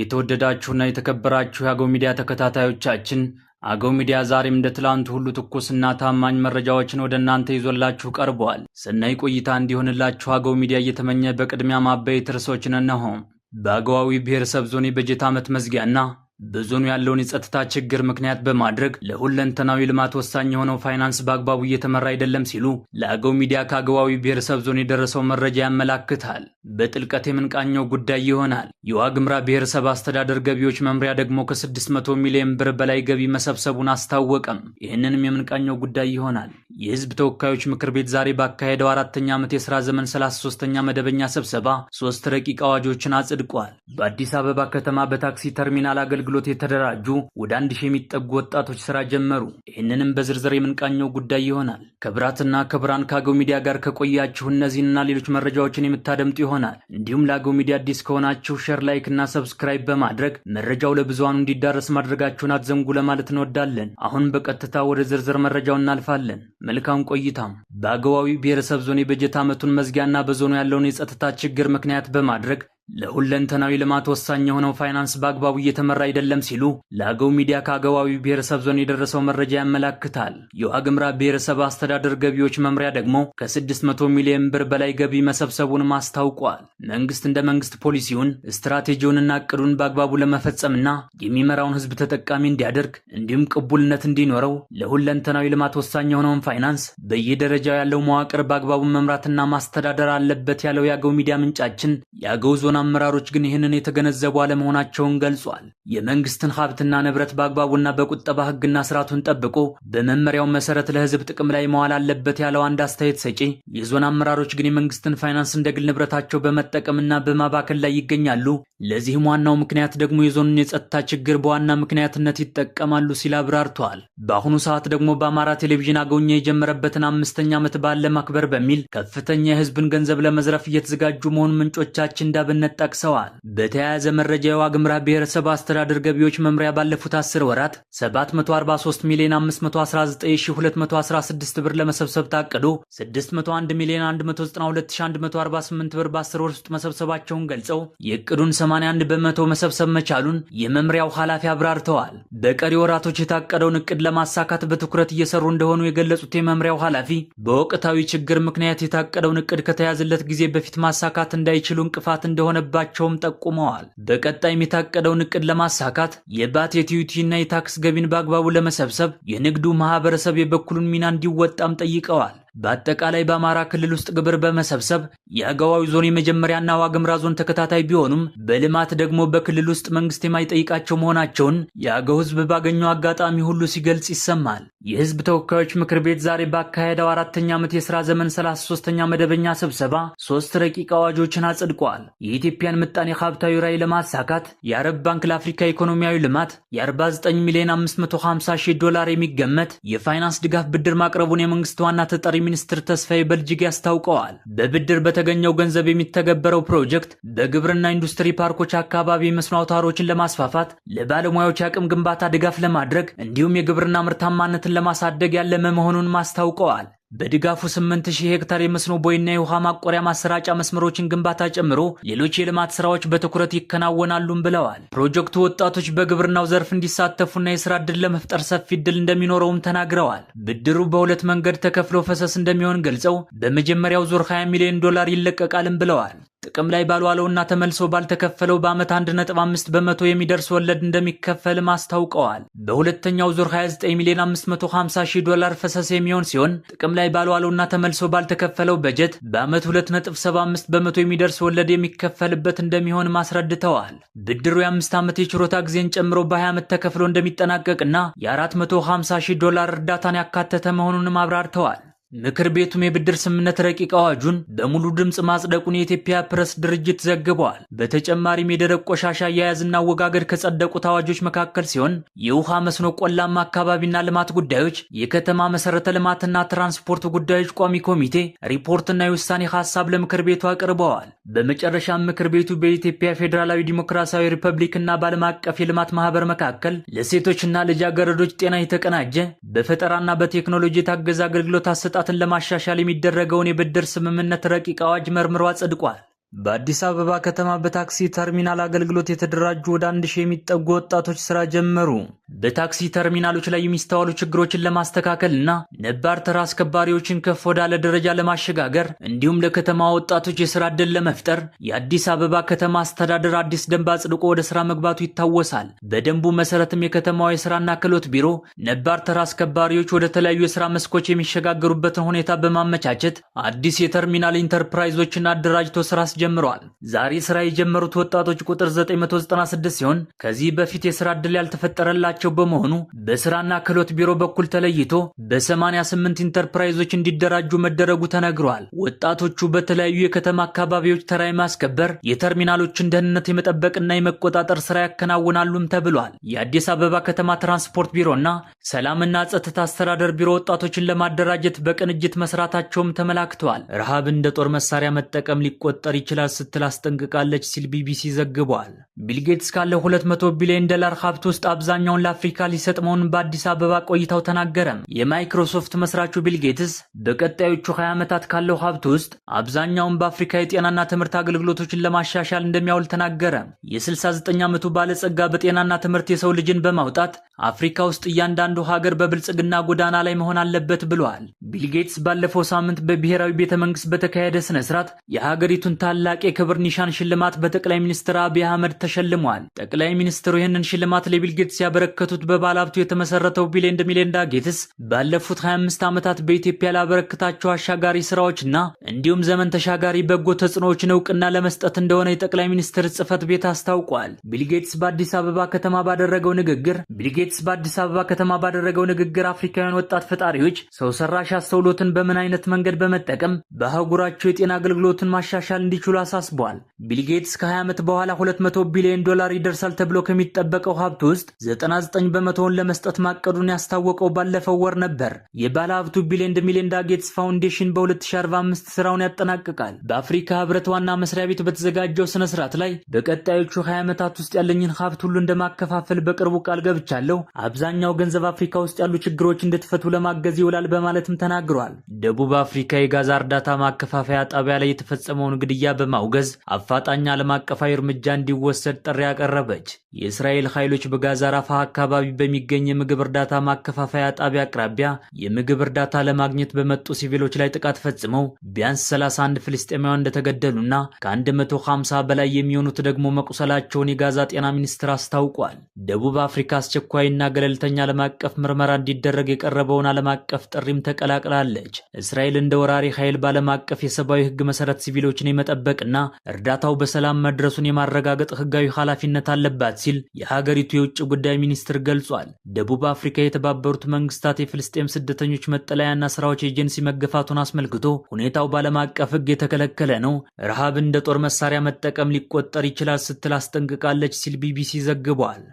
የተወደዳችሁና የተከበራችሁ የአገው ሚዲያ ተከታታዮቻችን አገው ሚዲያ ዛሬም እንደ ትላንቱ ሁሉ ትኩስና ታማኝ መረጃዎችን ወደ እናንተ ይዞላችሁ ቀርቧል። ሰናይ ቆይታ እንዲሆንላችሁ አገው ሚዲያ እየተመኘ በቅድሚያ ማበይት ርዕሶችን እነሆ። በአገዋዊ ብሔረሰብ ዞን የበጀት ዓመት መዝጊያና በዞኑ ያለውን የጸጥታ ችግር ምክንያት በማድረግ ለሁለንተናዊ ልማት ወሳኝ የሆነው ፋይናንስ በአግባቡ እየተመራ አይደለም ሲሉ ለአገው ሚዲያ ከአገባዊ ብሔረሰብ ዞን የደረሰው መረጃ ያመላክታል። በጥልቀት የምንቃኘው ጉዳይ ይሆናል። የዋግምራ ብሔረሰብ አስተዳደር ገቢዎች መምሪያ ደግሞ ከ600 ሚሊዮን ብር በላይ ገቢ መሰብሰቡን አስታወቀም። ይህንንም የምንቃኘው ጉዳይ ይሆናል። የህዝብ ተወካዮች ምክር ቤት ዛሬ ባካሄደው አራተኛ ዓመት የሥራ ዘመን 33ኛ መደበኛ ስብሰባ ሶስት ረቂቅ አዋጆችን አጽድቋል። በአዲስ አበባ ከተማ በታክሲ ተርሚናል አገልግሎ አገልግሎት የተደራጁ ወደ አንድ ሺህ የሚጠጉ ወጣቶች ስራ ጀመሩ። ይህንንም በዝርዝር የምንቃኘው ጉዳይ ይሆናል። ከብራትና ከብራን ከአገው ሚዲያ ጋር ከቆያችሁ እነዚህንና ሌሎች መረጃዎችን የምታደምጡ ይሆናል። እንዲሁም ለአገው ሚዲያ አዲስ ከሆናችሁ ሼር፣ ላይክ እና ሰብስክራይብ በማድረግ መረጃው ለብዙሃኑ እንዲዳረስ ማድረጋችሁን አትዘንጉ ለማለት እንወዳለን። አሁን በቀጥታ ወደ ዝርዝር መረጃው እናልፋለን። መልካም ቆይታም። በአገዋዊ ብሔረሰብ ዞን የበጀት ዓመቱን መዝጊያና በዞኑ ያለውን የጸጥታ ችግር ምክንያት በማድረግ ለሁለንተናዊ ልማት ወሳኝ የሆነው ፋይናንስ በአግባቡ እየተመራ አይደለም ሲሉ ለአገው ሚዲያ ከአገባዊ ብሔረሰብ ዞን የደረሰው መረጃ ያመላክታል። የዋግምራ ብሔረሰብ አስተዳደር ገቢዎች መምሪያ ደግሞ ከ600 ሚሊዮን ብር በላይ ገቢ መሰብሰቡንም አስታውቋል። መንግስት እንደ መንግስት ፖሊሲውን ስትራቴጂውንና እቅዱን በአግባቡ ለመፈጸምና የሚመራውን ህዝብ ተጠቃሚ እንዲያደርግ እንዲሁም ቅቡልነት እንዲኖረው ለሁለንተናዊ ልማት ወሳኝ የሆነውን ፋይናንስ በየደረጃው ያለው መዋቅር በአግባቡ መምራትና ማስተዳደር አለበት ያለው የአገው ሚዲያ ምንጫችን የአገው ዞን የብዙሃን አመራሮች ግን ይህንን የተገነዘቡ አለመሆናቸውን ገልጿል። የመንግስትን ሀብትና ንብረት በአግባቡና በቁጠባ ህግና ስርዓቱን ጠብቆ በመመሪያው መሰረት ለህዝብ ጥቅም ላይ መዋል አለበት ያለው አንድ አስተያየት ሰጪ የዞን አመራሮች ግን የመንግስትን ፋይናንስ እንደ ግል ንብረታቸው በመጠቀምና በማባከል ላይ ይገኛሉ። ለዚህም ዋናው ምክንያት ደግሞ የዞኑን የጸጥታ ችግር በዋና ምክንያትነት ይጠቀማሉ ሲል አብራርተዋል። በአሁኑ ሰዓት ደግሞ በአማራ ቴሌቪዥን አገኘ የጀመረበትን አምስተኛ ዓመት በዓል ለማክበር በሚል ከፍተኛ የህዝብን ገንዘብ ለመዝረፍ እየተዘጋጁ መሆኑን ምንጮቻችን እንዳብነት ማሳያነት ጠቅሰዋል። በተያያዘ መረጃ የዋግምራ ብሔረሰብ አስተዳደር ገቢዎች መምሪያ ባለፉት 10 ወራት 743 ሚሊዮን 519216 ብር ለመሰብሰብ ታቅዶ 601 ሚሊዮን 192148 ብር በ10 ወር ውስጥ መሰብሰባቸውን ገልጸው የእቅዱን 81 በመቶ መሰብሰብ መቻሉን የመምሪያው ኃላፊ አብራርተዋል። በቀሪ ወራቶች የታቀደውን እቅድ ለማሳካት በትኩረት እየሰሩ እንደሆኑ የገለጹት የመምሪያው ኃላፊ በወቅታዊ ችግር ምክንያት የታቀደውን እቅድ ከተያዘለት ጊዜ በፊት ማሳካት እንዳይችሉ እንቅፋት እንደሆነ እንደሆነባቸውም ጠቁመዋል። በቀጣይ የታቀደውን እቅድ ለማሳካት የባት የቲዩቲና የታክስ ገቢን በአግባቡ ለመሰብሰብ የንግዱ ማህበረሰብ የበኩሉን ሚና እንዲወጣም ጠይቀዋል። በአጠቃላይ በአማራ ክልል ውስጥ ግብር በመሰብሰብ የአገዋዊ ዞን የመጀመሪያና ዋግምራ ዞን ተከታታይ ቢሆኑም በልማት ደግሞ በክልል ውስጥ መንግስት የማይጠይቃቸው መሆናቸውን የአገው ህዝብ ባገኘው አጋጣሚ ሁሉ ሲገልጽ ይሰማል። የህዝብ ተወካዮች ምክር ቤት ዛሬ ባካሄደው አራተኛ ዓመት የሥራ ዘመን 33ኛ መደበኛ ስብሰባ ሶስት ረቂቅ አዋጆችን አጽድቋል። የኢትዮጵያን ምጣኔ ሀብታዊ ራዕይ ለማሳካት የአረብ ባንክ ለአፍሪካ ኢኮኖሚያዊ ልማት የ49 ሚሊዮን 550 ሺህ ዶላር የሚገመት የፋይናንስ ድጋፍ ብድር ማቅረቡን የመንግስት ዋና ተጠሪ ሚኒስትር ተስፋዬ በልጅግ አስታውቀዋል። በብድር በተገኘው ገንዘብ የሚተገበረው ፕሮጀክት በግብርና ኢንዱስትሪ ፓርኮች አካባቢ የመስኖ አውታሮችን ለማስፋፋት፣ ለባለሙያዎች የአቅም ግንባታ ድጋፍ ለማድረግ እንዲሁም የግብርና ምርታማነትን ለማሳደግ ያለመ መሆኑን አስታውቀዋል። በድጋፉ 8000 ሄክታር የመስኖ ቦይና የውሃ ማቆሪያ ማሰራጫ መስመሮችን ግንባታ ጨምሮ ሌሎች የልማት ስራዎች በትኩረት ይከናወናሉም ብለዋል። ፕሮጀክቱ ወጣቶች በግብርናው ዘርፍ እንዲሳተፉና የስራ እድል ለመፍጠር ሰፊ እድል እንደሚኖረውም ተናግረዋል። ብድሩ በሁለት መንገድ ተከፍሎ ፈሰስ እንደሚሆን ገልጸው በመጀመሪያው ዙር 20 ሚሊዮን ዶላር ይለቀቃልም ብለዋል። ጥቅም ላይ ባልዋለውና ተመልሶ ባልተከፈለው በዓመት 1.5 በመቶ የሚደርስ ወለድ እንደሚከፈልም አስታውቀዋል። በሁለተኛው ዙር 29 ሚሊዮን 550 ሺህ ዶላር ፈሰስ የሚሆን ሲሆን ጥቅም ላይ ባልዋለውና ተመልሶ ባልተከፈለው በጀት በዓመት 2.75 በመቶ የሚደርስ ወለድ የሚከፈልበት እንደሚሆን አስረድተዋል። ብድሩ የአምስት ዓመት የችሮታ ጊዜን ጨምሮ በ20 ዓመት ተከፍሎ እንደሚጠናቀቅና የ450 ሺህ ዶላር እርዳታን ያካተተ መሆኑንም አብራርተዋል። ምክር ቤቱም የብድር ስምምነት ረቂቅ አዋጁን በሙሉ ድምፅ ማጽደቁን የኢትዮጵያ ፕሬስ ድርጅት ዘግበዋል። በተጨማሪም የደረቅ ቆሻሻ አያያዝና አወጋገድ ከጸደቁት አዋጆች መካከል ሲሆን የውሃ መስኖ፣ ቆላማ አካባቢና ልማት ጉዳዮች፣ የከተማ መሰረተ ልማትና ትራንስፖርት ጉዳዮች ቋሚ ኮሚቴ ሪፖርትና የውሳኔ ሀሳብ ለምክር ቤቱ አቅርበዋል። በመጨረሻም ምክር ቤቱ በኢትዮጵያ ፌዴራላዊ ዲሞክራሲያዊ ሪፐብሊክና በዓለም አቀፍ የልማት ማህበር መካከል ለሴቶችና ልጃገረዶች ጤና የተቀናጀ በፈጠራና በቴክኖሎጂ የታገዘ አገልግሎት አሰጣ ወጣትን ለማሻሻል የሚደረገውን የብድር ስምምነት ረቂቅ አዋጅ መርምሮ አጽድቋል። በአዲስ አበባ ከተማ በታክሲ ተርሚናል አገልግሎት የተደራጁ ወደ አንድ ሺህ የሚጠጉ ወጣቶች ስራ ጀመሩ። በታክሲ ተርሚናሎች ላይ የሚስተዋሉ ችግሮችን ለማስተካከል እና ነባር ተራ አስከባሪዎችን ከፍ ወዳለ ደረጃ ለማሸጋገር እንዲሁም ለከተማ ወጣቶች የስራ እድል ለመፍጠር የአዲስ አበባ ከተማ አስተዳደር አዲስ ደንብ አጽድቆ ወደ ስራ መግባቱ ይታወሳል። በደንቡ መሰረትም የከተማዋ የስራና ክህሎት ቢሮ ነባር ተራ አስከባሪዎች ወደ ተለያዩ የስራ መስኮች የሚሸጋገሩበትን ሁኔታ በማመቻቸት አዲስ የተርሚናል ኢንተርፕራይዞችን አደራጅቶ ስራ አስጀምረዋል። ዛሬ ስራ የጀመሩት ወጣቶች ቁጥር 996 ሲሆን ከዚህ በፊት የስራ ዕድል ያልተፈጠረላቸው በመሆኑ በስራና ክህሎት ቢሮ በኩል ተለይቶ በ88 ኢንተርፕራይዞች እንዲደራጁ መደረጉ ተነግሯል። ወጣቶቹ በተለያዩ የከተማ አካባቢዎች ተራ የማስከበር የተርሚናሎችን ደህንነት የመጠበቅና የመቆጣጠር ስራ ያከናውናሉም ተብሏል። የአዲስ አበባ ከተማ ትራንስፖርት ቢሮና ሰላምና ጸጥታ አስተዳደር ቢሮ ወጣቶችን ለማደራጀት በቅንጅት መስራታቸውም ተመላክተዋል። ረሃብ እንደ ጦር መሳሪያ መጠቀም ሊቆጠር ይችላል ስትል አስጠንቅቃለች ሲል ቢቢሲ ዘግቧል። ጌትስ ካለው 200 ቢሊዮን ዶላር ሀብት ውስጥ አብዛኛውን ለአፍሪካ ሊሰጥ መሆኑን በአዲስ አበባ ቆይታው ተናገረም። የማይክሮሶፍት መስራቹ ቢልጌትስ በቀጣዮቹ 20 ዓመታት ካለው ሀብት ውስጥ አብዛኛውን በአፍሪካ የጤናና ትምህርት አገልግሎቶችን ለማሻሻል እንደሚያውል ተናገረ። የ69 ዓመቱ ባለጸጋ በጤናና ትምህርት የሰው ልጅን በማውጣት አፍሪካ ውስጥ እያንዳንዱ ሀገር በብልጽግና ጎዳና ላይ መሆን አለበት ብለዋል። ጌትስ ባለፈው ሳምንት በብሔራዊ ቤተ መንግስት በተካሄደ ስነ ስርዓት የሀገሪቱን ታ ታላቅ የክብር ኒሻን ሽልማት በጠቅላይ ሚኒስትር አብይ አህመድ ተሸልሟል። ጠቅላይ ሚኒስትሩ ይህንን ሽልማት ለቢል ጌትስ ያበረከቱት በባለሀብቱ የተመሰረተው ቢሊንድ ሚሊንዳ ጌትስ ባለፉት 25 ዓመታት በኢትዮጵያ ላበረከታቸው አሻጋሪ ስራዎችና እንዲሁም ዘመን ተሻጋሪ በጎ ተጽዕኖዎችን እውቅና ለመስጠት እንደሆነ የጠቅላይ ሚኒስትር ጽህፈት ቤት አስታውቋል። ቢል ጌትስ በአዲስ አበባ ከተማ ባደረገው ንግግር ቢል ጌትስ በአዲስ አበባ ከተማ ባደረገው ንግግር አፍሪካውያን ወጣት ፈጣሪዎች ሰው ሰራሽ አስተውሎትን በምን አይነት መንገድ በመጠቀም በአህጉራቸው የጤና አገልግሎትን ማሻሻል እንዲችሉ እንደሚችሉ አሳስቧል። ቢል ጌትስ ከ20 ዓመት በኋላ 200 ቢሊዮን ዶላር ይደርሳል ተብሎ ከሚጠበቀው ሀብት ውስጥ 99 በመቶውን ለመስጠት ማቀዱን ያስታወቀው ባለፈው ወር ነበር። የባለ ሀብቱ ቢሊንድ ሚሊንዳ ጌትስ ፋውንዴሽን በ2045 ስራውን ያጠናቅቃል። በአፍሪካ ህብረት ዋና መስሪያ ቤት በተዘጋጀው ስነ ስርዓት ላይ በቀጣዮቹ 20 ዓመታት ውስጥ ያለኝን ሀብት ሁሉ እንደማከፋፈል በቅርቡ ቃል ገብቻለሁ። አብዛኛው ገንዘብ አፍሪካ ውስጥ ያሉ ችግሮች እንድትፈቱ ለማገዝ ይውላል በማለትም ተናግሯል። ደቡብ አፍሪካ የጋዛ እርዳታ ማከፋፈያ ጣቢያ ላይ የተፈጸመውን ግድያ በማውገዝ አፋጣኝ ዓለም አቀፋዊ እርምጃ እንዲወሰድ ጥሪ ያቀረበች የእስራኤል ኃይሎች በጋዛ ራፋ አካባቢ በሚገኝ የምግብ እርዳታ ማከፋፈያ ጣቢያ አቅራቢያ የምግብ እርዳታ ለማግኘት በመጡ ሲቪሎች ላይ ጥቃት ፈጽመው ቢያንስ 31 ፍልስጤማውያን እንደተገደሉና ከ150 በላይ የሚሆኑት ደግሞ መቁሰላቸውን የጋዛ ጤና ሚኒስቴር አስታውቋል። ደቡብ አፍሪካ አስቸኳይና ገለልተኛ ዓለም አቀፍ ምርመራ እንዲደረግ የቀረበውን ዓለም አቀፍ ጥሪም ተቀላቅላለች። እስራኤል እንደ ወራሪ ኃይል በዓለም አቀፍ የሰብአዊ ሕግ መሰረት ሲቪሎችን የመጠበቅ የመጠበቅና እርዳታው በሰላም መድረሱን የማረጋገጥ ህጋዊ ኃላፊነት አለባት ሲል የሀገሪቱ የውጭ ጉዳይ ሚኒስትር ገልጿል። ደቡብ አፍሪካ የተባበሩት መንግስታት የፍልስጤም ስደተኞች መጠለያና ስራዎች ኤጀንሲ መገፋቱን አስመልክቶ ሁኔታው ባለም አቀፍ ህግ የተከለከለ ነው፣ ረሃብ እንደ ጦር መሳሪያ መጠቀም ሊቆጠር ይችላል ስትል አስጠንቅቃለች ሲል ቢቢሲ ዘግቧል።